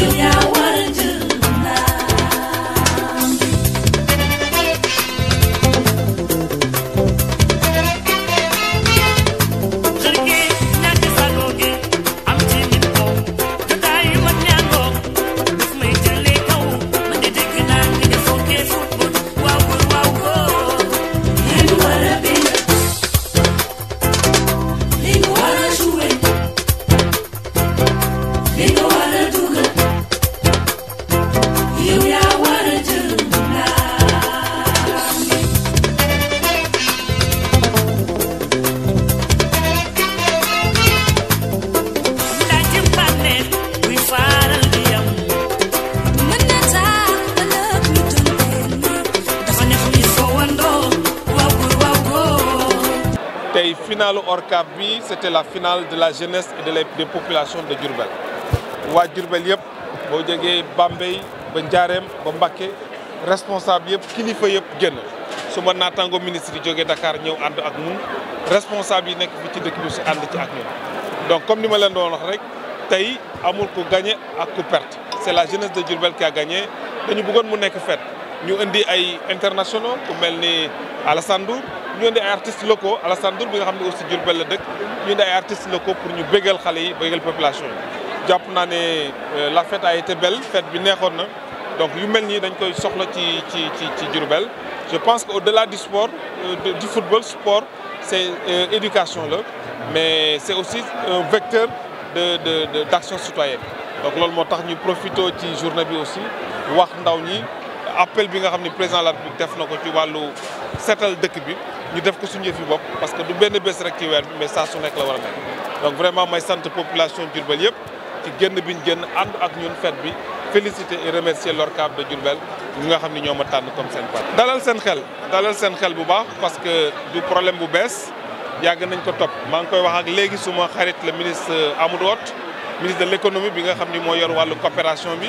Lingo Water. finalu ORCAV bi c'était la finale de la jeunesse et de la des populations de Diourbel Wa Diourbel yëpp boo jógee Bambey ba Njaareem ba responsable yëpp kilifa yëpp génn su ma naataango ministre yi Dakar ñëw and ak ñun responsable yi nekk fi ci dëkk bi ci and ci ak ñun donc comme nima ma doon wax rek tay amul ko gagner ak ko perte c'est la jeunesse de Diourbel qui a gagné dañu bëggoon mu nek fête ñu indi ay internationaux ku mel ni Alassane Ndour ñu a des artistes locaux Alassane Ndour bi nga xam aussi Diourbel la Il ñu a des artistes locaux pour nous bégal xale yi bégal population japp euh, la fête a été belle fête bi été na donc yu mel nii dañ koy soxla ci ci ci ci je pense quau delà du sport euh, du football sport c'est euh, éducation là mais c'est aussi un vecteur de de d'action citoyenne donc nous motax ñu profito ci journée bi aussi wax ndaw ñi appel bi nga xamni président la République def nako ci walu sétal dëkk bi ñu def ko suñu yëf yi parce que du benn bés rek ci wër bi mais ça su nek la wara a donc vraiment may sant population Diourbel yëpp ci genn bi genn and ak ñun fête bi féliciter et remercier l'ORCAV de Diourbel ñi nga xamni ñoma ñoo comme sen pat dalal sen xel dalal sen xel bu baax parce que du problème bu bees yag nañ ko top maa ngi koy wax ak légui suma xarit le ministre Amadou ministre de l'économie bi nga xamni mo yor walu coopération bi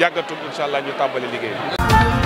yàggatul incha allah ñu tàmbali liggéey